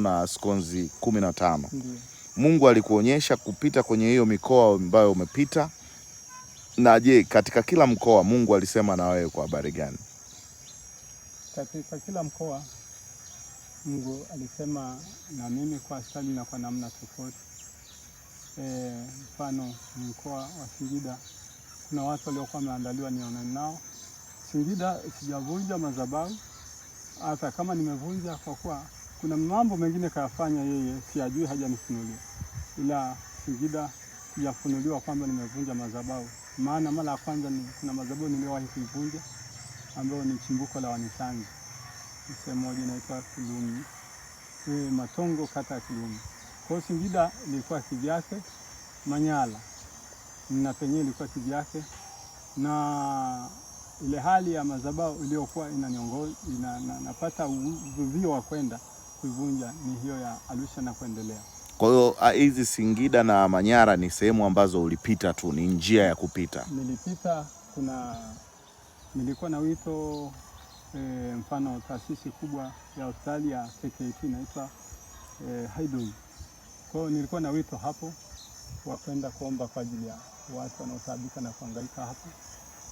na skonzi kumi na tano. Mungu alikuonyesha kupita kwenye hiyo mikoa ambayo umepita, na je, katika kila mkoa Mungu alisema na wewe kwa habari gani? Katika kila mkoa Mungu alisema na mimi kwa stadi na kwa namna tofauti. E, mfano mkoa wa Singida kuna watu waliokuwa wameandaliwa nionane nao Singida. Sijavunja madhabahu hata kama nimevunja, kwa kuwa kuna mambo mengine kayafanya yeye, siyajui, hajanifunulia, ila Singida sijafunuliwa kwamba nimevunja madhabahu. Maana mara ya kwanza ni, kuna madhabahu niliyowahi kuivunja ambayo ni chimbuko la wanitangi sehemu moja inaitwa Kilumi e, Matongo, kata ya Kilumi. Kwa hiyo Singida ilikuwa kivyake, Manyala na penyewe ilikuwa kivyake, na ile hali ya madhabahu iliyokuwa inaniongoza ina, napata uvuvio wa kwenda kuivunja ni hiyo ya Arusha na kuendelea. Kwa hiyo ah, hizi Singida na Manyara ni sehemu ambazo ulipita tu, ni njia ya kupita. Nilipita, kuna nilikuwa na wito e, mfano taasisi kubwa ya hospitali ya KKT inaitwa e, eh, Haydom. Kwa hiyo nilikuwa na wito hapo wa kwenda kuomba kwa ajili ya watu wanaotaabika na kuhangaika hapo,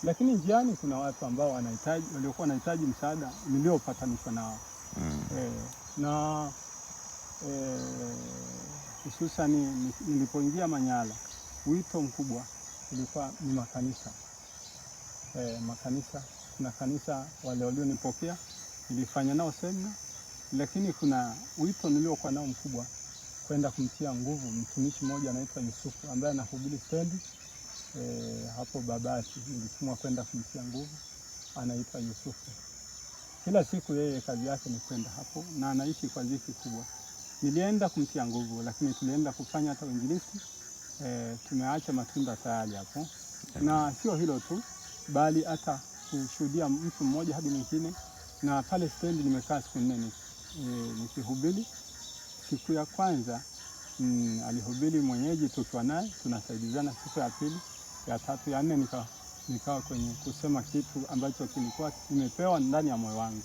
lakini njiani kuna watu ambao wanahitaji waliokuwa wanahitaji msaada niliopatanishwa nao mm. e, na eh, hususani e, nilipoingia Manyara, wito mkubwa ulikuwa ni makanisa e, makanisa. Kuna kanisa wale walionipokea nilifanya nao semina, lakini kuna wito niliokuwa nao mkubwa kwenda kumtia nguvu mtumishi mmoja anaitwa Yusufu ambaye anahubiri stendi e, hapo Babati. Nilitumwa kwenda kumtia nguvu, anaitwa Yusufu. Kila siku yeye kazi yake ni kwenda hapo na anaishi kwa dhiki kubwa. Nilienda kumtia nguvu, lakini tulienda kufanya hata uinjilisti e, tumeacha matunda tayari hapo, na sio hilo tu, bali hata kushuhudia mtu mmoja hadi mwingine. Na pale stendi nimekaa siku nne eh, nikihubiri. E, siku ya kwanza mm, alihubiri mwenyeji tukiwa naye tunasaidizana, siku ya pili, ya tatu, ya nne nika nikawa kwenye kusema kitu ambacho kilikuwa kimepewa ndani ya moyo wangu,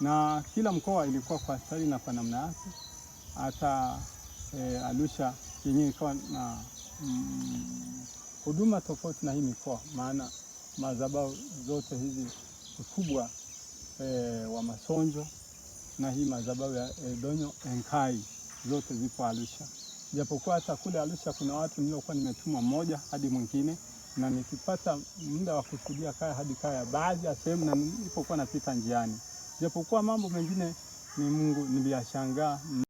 na kila mkoa ilikuwa kwa stari na kwa namna yake. Hata e, Arusha yenyewe ikawa na mm, huduma mm, tofauti na hii mikoa, maana madhabahu zote hizi ukubwa e, eh, wa Masonjo na hii madhabahu ya Donyo Enkai zote zipo Arusha, japokuwa hata kule Arusha kuna watu niliokuwa nimetuma mmoja hadi mwingine na nikipata muda wa kusudia kaya hadi kaya, baadhi ya sehemu na nilipokuwa napita njiani, japokuwa mambo mengine ni Mungu niliyashangaa.